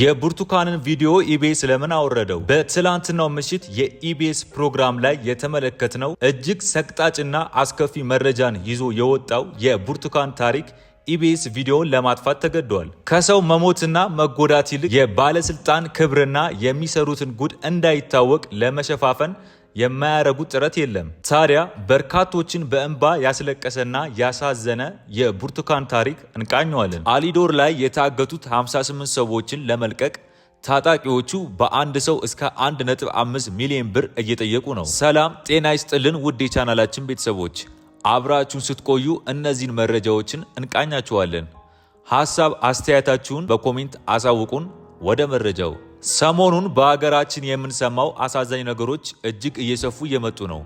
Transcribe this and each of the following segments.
የብርቱካንን ቪዲዮ ኢቢኤስ ለምን አወረደው? በትላንትናው ምሽት የኢቢኤስ ፕሮግራም ላይ የተመለከትነው እጅግ ሰቅጣጭና አስከፊ መረጃን ይዞ የወጣው የብርቱካን ታሪክ ኢቢኤስ ቪዲዮውን ለማጥፋት ተገደዋል። ከሰው መሞትና መጎዳት ይልቅ የባለስልጣን ክብርና የሚሰሩትን ጉድ እንዳይታወቅ ለመሸፋፈን የማያረጉት ጥረት የለም። ታዲያ በርካቶችን በእንባ ያስለቀሰና ያሳዘነ የብርቱካን ታሪክ እንቃኘዋለን። አሊዶር ላይ የታገቱት 58 ሰዎችን ለመልቀቅ ታጣቂዎቹ በአንድ ሰው እስከ 1.5 ሚሊዮን ብር እየጠየቁ ነው። ሰላም ጤና ይስጥልን ውድ የቻናላችን ቤተሰቦች አብራችሁን ስትቆዩ እነዚህን መረጃዎችን እንቃኛችኋለን። ሐሳብ አስተያየታችሁን በኮሜንት አሳውቁን። ወደ መረጃው ሰሞኑን በአገራችን የምንሰማው አሳዛኝ ነገሮች እጅግ እየሰፉ እየመጡ ነው።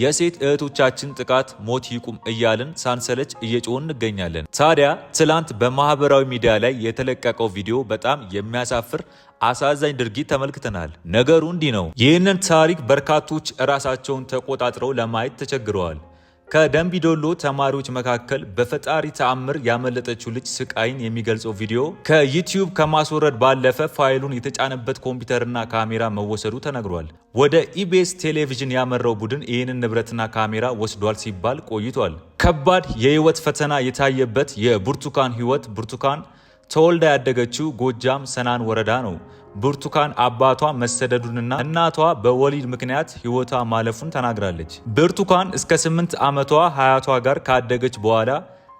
የሴት እህቶቻችን ጥቃት ሞት ይቁም እያልን ሳንሰለች እየጮህን እንገኛለን። ታዲያ ትላንት በማህበራዊ ሚዲያ ላይ የተለቀቀው ቪዲዮ በጣም የሚያሳፍር አሳዛኝ ድርጊት ተመልክተናል። ነገሩ እንዲህ ነው። ይህንን ታሪክ በርካቶች ራሳቸውን ተቆጣጥረው ለማየት ተቸግረዋል። ከደንቢዶሎ ተማሪዎች መካከል በፈጣሪ ተአምር ያመለጠችው ልጅ ስቃይን የሚገልጸው ቪዲዮ ከዩቲዩብ ከማስወረድ ባለፈ ፋይሉን የተጫነበት ኮምፒውተርና ካሜራ መወሰዱ ተነግሯል። ወደ ኢቢኤስ ቴሌቪዥን ያመራው ቡድን ይህንን ንብረትና ካሜራ ወስዷል ሲባል ቆይቷል። ከባድ የህይወት ፈተና የታየበት የብርቱካን ህይወት ብርቱካን ተወልዳ ያደገችው ጎጃም ሰናን ወረዳ ነው። ብርቱካን አባቷ መሰደዱንና እናቷ በወሊድ ምክንያት ሕይወቷ ማለፉን ተናግራለች። ብርቱካን እስከ ስምንት ዓመቷ አያቷ ጋር ካደገች በኋላ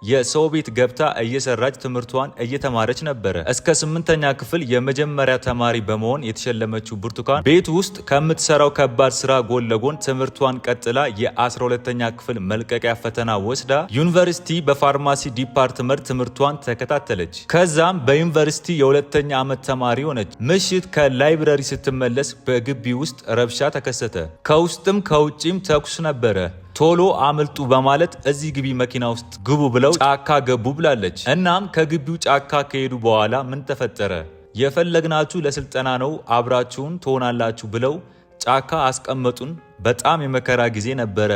የሰው ቤት ገብታ እየሰራች ትምህርቷን እየተማረች ነበረ። እስከ ስምንተኛ ክፍል የመጀመሪያ ተማሪ በመሆን የተሸለመችው ብርቱካን ቤት ውስጥ ከምትሰራው ከባድ ስራ ጎን ለጎን ትምህርቷን ቀጥላ የ12ተኛ ክፍል መልቀቂያ ፈተና ወስዳ ዩኒቨርሲቲ በፋርማሲ ዲፓርትመንት ትምህርቷን ተከታተለች። ከዛም በዩኒቨርሲቲ የሁለተኛ ዓመት ተማሪ ሆነች። ምሽት ከላይብረሪ ስትመለስ በግቢ ውስጥ ረብሻ ተከሰተ። ከውስጥም ከውጪም ተኩስ ነበረ። ቶሎ አምልጡ በማለት እዚህ ግቢ መኪና ውስጥ ግቡ ብለው ጫካ ገቡ ብላለች። እናም ከግቢው ጫካ ከሄዱ በኋላ ምን ተፈጠረ? የፈለግናችሁ ለስልጠና ነው አብራችሁን ትሆናላችሁ ብለው ጫካ አስቀመጡን። በጣም የመከራ ጊዜ ነበረ።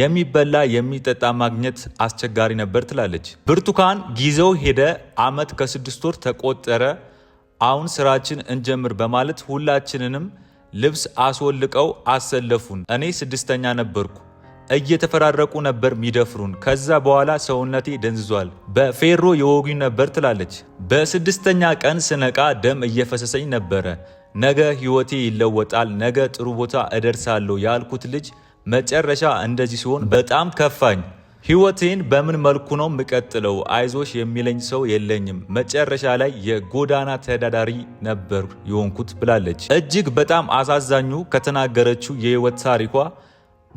የሚበላ የሚጠጣ ማግኘት አስቸጋሪ ነበር ትላለች ብርቱካን። ጊዜው ሄደ፣ አመት ከስድስት ወር ተቆጠረ። አሁን ስራችን እንጀምር በማለት ሁላችንንም ልብስ አስወልቀው አሰለፉን። እኔ ስድስተኛ ነበርኩ። እየተፈራረቁ ነበር ሚደፍሩን። ከዛ በኋላ ሰውነቴ ደንዝዟል። በፌሮ የወጉኝ ነበር ትላለች። በስድስተኛ ቀን ስነቃ ደም እየፈሰሰኝ ነበረ። ነገ ህይወቴ ይለወጣል፣ ነገ ጥሩ ቦታ እደርሳለሁ ያልኩት ልጅ መጨረሻ እንደዚህ ሲሆን በጣም ከፋኝ። ህይወቴን በምን መልኩ ነው የምቀጥለው? አይዞሽ የሚለኝ ሰው የለኝም። መጨረሻ ላይ የጎዳና ተዳዳሪ ነበር የሆንኩት ብላለች። እጅግ በጣም አሳዛኙ ከተናገረችው የህይወት ታሪኳ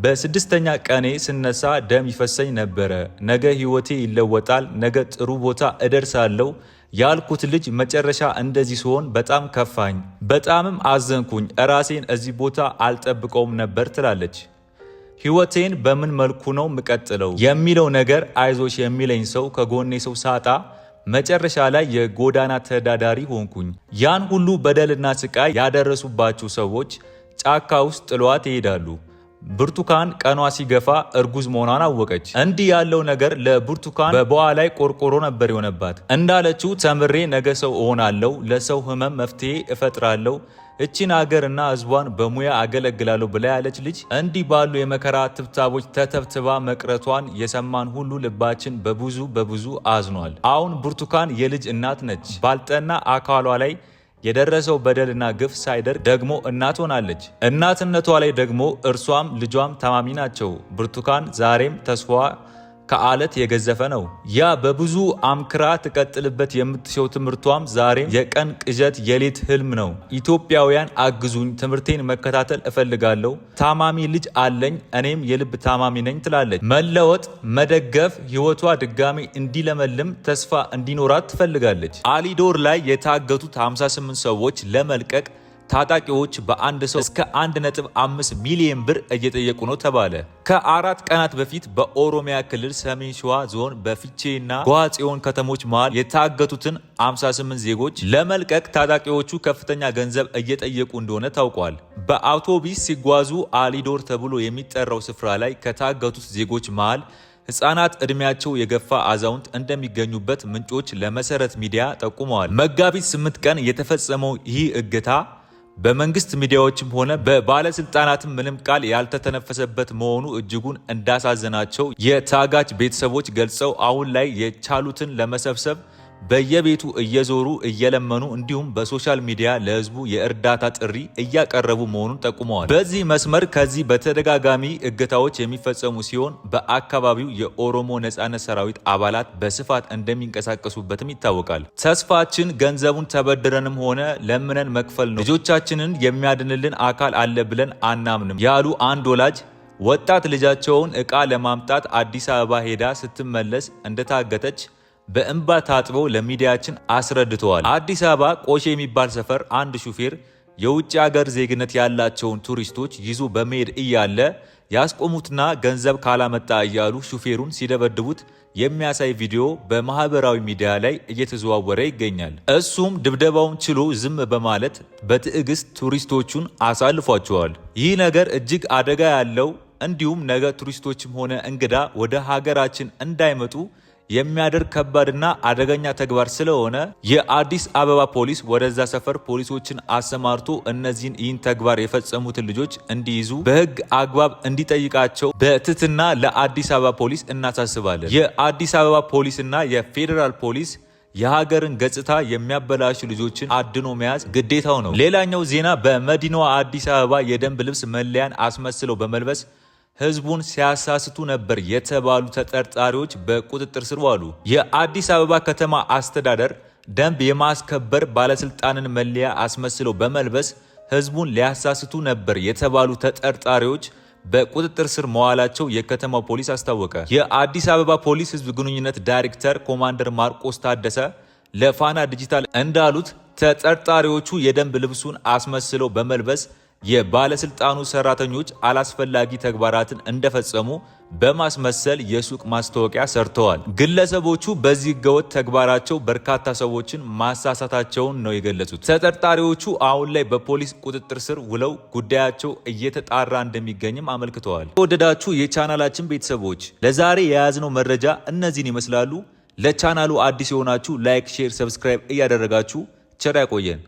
በስድስተኛ ቀኔ ስነሳ ደም ይፈሰኝ ነበረ። ነገ ህይወቴ ይለወጣል፣ ነገ ጥሩ ቦታ እደርሳለሁ ያልኩት ልጅ መጨረሻ እንደዚህ ሲሆን በጣም ከፋኝ፣ በጣምም አዘንኩኝ። እራሴን እዚህ ቦታ አልጠብቀውም ነበር ትላለች። ሕይወቴን በምን መልኩ ነው የምቀጥለው የሚለው ነገር አይዞሽ የሚለኝ ሰው ከጎኔ ሰው ሳጣ መጨረሻ ላይ የጎዳና ተዳዳሪ ሆንኩኝ። ያን ሁሉ በደልና ስቃይ ያደረሱባችሁ ሰዎች ጫካ ውስጥ ጥሏት ይሄዳሉ። ብርቱካን ቀኗ ሲገፋ እርጉዝ መሆኗን አወቀች። እንዲህ ያለው ነገር ለብርቱካን በበዋ ላይ ቆርቆሮ ነበር የሆነባት። እንዳለችው ተምሬ ነገ ሰው እሆናለሁ፣ ለሰው ህመም መፍትሄ እፈጥራለሁ፣ እቺን አገርና ህዝቧን በሙያ አገለግላለሁ ብላ ያለች ልጅ እንዲህ ባሉ የመከራ ትብታቦች ተተብትባ መቅረቷን የሰማን ሁሉ ልባችን በብዙ በብዙ አዝኗል። አሁን ብርቱካን የልጅ እናት ነች። ባልጠና አካሏ ላይ የደረሰው በደልና ግፍ ሳይደርቅ ደግሞ እናት ሆናለች። እናትነቷ ላይ ደግሞ እርሷም ልጇም ታማሚ ናቸው። ብርቱካን ዛሬም ተስፋዋ ከአለት የገዘፈ ነው። ያ በብዙ አምክራ ትቀጥልበት የምትሸው ትምህርቷም ዛሬም የቀን ቅዠት የሌት ህልም ነው። ኢትዮጵያውያን አግዙኝ፣ ትምህርቴን መከታተል እፈልጋለሁ፣ ታማሚ ልጅ አለኝ፣ እኔም የልብ ታማሚ ነኝ ትላለች። መለወጥ፣ መደገፍ፣ ህይወቷ ድጋሚ እንዲለመልም ተስፋ እንዲኖራት ትፈልጋለች። አሊዶር ላይ የታገቱት 58 ሰዎች ለመልቀቅ ታጣቂዎች በአንድ ሰው እስከ 1.5 ሚሊዮን ብር እየጠየቁ ነው ተባለ። ከአራት ቀናት በፊት በኦሮሚያ ክልል ሰሜን ሸዋ ዞን በፍቼና ጓጽዮን ከተሞች መሃል የታገቱትን 58 ዜጎች ለመልቀቅ ታጣቂዎቹ ከፍተኛ ገንዘብ እየጠየቁ እንደሆነ ታውቋል። በአውቶቢስ ሲጓዙ አሊዶር ተብሎ የሚጠራው ስፍራ ላይ ከታገቱት ዜጎች መሃል ህጻናት እድሜያቸው የገፋ አዛውንት እንደሚገኙበት ምንጮች ለመሰረት ሚዲያ ጠቁመዋል። መጋቢት 8 ቀን የተፈጸመው ይህ እገታ በመንግስት ሚዲያዎችም ሆነ በባለስልጣናትም ምንም ቃል ያልተተነፈሰበት መሆኑ እጅጉን እንዳሳዘናቸው የታጋች ቤተሰቦች ገልጸው አሁን ላይ የቻሉትን ለመሰብሰብ በየቤቱ እየዞሩ እየለመኑ እንዲሁም በሶሻል ሚዲያ ለህዝቡ የእርዳታ ጥሪ እያቀረቡ መሆኑን ጠቁመዋል። በዚህ መስመር ከዚህ በተደጋጋሚ እገታዎች የሚፈጸሙ ሲሆን በአካባቢው የኦሮሞ ነጻነት ሰራዊት አባላት በስፋት እንደሚንቀሳቀሱበትም ይታወቃል። ተስፋችን ገንዘቡን ተበድረንም ሆነ ለምነን መክፈል ነው። ልጆቻችንን የሚያድንልን አካል አለ ብለን አናምንም ያሉ አንድ ወላጅ ወጣት ልጃቸውን ዕቃ ለማምጣት አዲስ አበባ ሄዳ ስትመለስ እንደታገተች በእንባ ታጥቦ ለሚዲያችን አስረድተዋል። አዲስ አበባ ቆሼ የሚባል ሰፈር አንድ ሹፌር የውጭ አገር ዜግነት ያላቸውን ቱሪስቶች ይዞ በመሄድ እያለ ያስቆሙትና ገንዘብ ካላመጣ እያሉ ሹፌሩን ሲደበድቡት የሚያሳይ ቪዲዮ በማህበራዊ ሚዲያ ላይ እየተዘዋወረ ይገኛል። እሱም ድብደባውን ችሎ ዝም በማለት በትዕግስት ቱሪስቶቹን አሳልፏቸዋል። ይህ ነገር እጅግ አደጋ ያለው እንዲሁም ነገ ቱሪስቶችም ሆነ እንግዳ ወደ ሀገራችን እንዳይመጡ የሚያደርግ ከባድና አደገኛ ተግባር ስለሆነ የአዲስ አበባ ፖሊስ ወደዛ ሰፈር ፖሊሶችን አሰማርቶ እነዚህን ይህን ተግባር የፈጸሙትን ልጆች እንዲይዙ በህግ አግባብ እንዲጠይቃቸው በትትና ለአዲስ አበባ ፖሊስ እናሳስባለን። የአዲስ አበባ ፖሊስና የፌዴራል ፖሊስ የሀገርን ገጽታ የሚያበላሹ ልጆችን አድኖ መያዝ ግዴታው ነው። ሌላኛው ዜና በመዲናዋ አዲስ አበባ የደንብ ልብስ መለያን አስመስለው በመልበስ ህዝቡን ሲያሳስቱ ነበር የተባሉ ተጠርጣሪዎች በቁጥጥር ስር ዋሉ። የአዲስ አበባ ከተማ አስተዳደር ደንብ የማስከበር ባለስልጣንን መለያ አስመስለው በመልበስ ህዝቡን ሊያሳስቱ ነበር የተባሉ ተጠርጣሪዎች በቁጥጥር ስር መዋላቸው የከተማው ፖሊስ አስታወቀ። የአዲስ አበባ ፖሊስ ህዝብ ግንኙነት ዳይሬክተር ኮማንደር ማርቆስ ታደሰ ለፋና ዲጂታል እንዳሉት ተጠርጣሪዎቹ የደንብ ልብሱን አስመስለው በመልበስ የባለስልጣኑ ሰራተኞች አላስፈላጊ ተግባራትን እንደፈጸሙ በማስመሰል የሱቅ ማስታወቂያ ሰርተዋል። ግለሰቦቹ በዚህ ህገወጥ ተግባራቸው በርካታ ሰዎችን ማሳሳታቸውን ነው የገለጹት። ተጠርጣሪዎቹ አሁን ላይ በፖሊስ ቁጥጥር ስር ውለው ጉዳያቸው እየተጣራ እንደሚገኝም አመልክተዋል። ተወደዳችሁ የቻናላችን ቤተሰቦች ለዛሬ የያዝነው መረጃ እነዚህን ይመስላሉ። ለቻናሉ አዲስ የሆናችሁ ላይክ፣ ሼር፣ ሰብስክራይብ እያደረጋችሁ ቸር ያቆየን።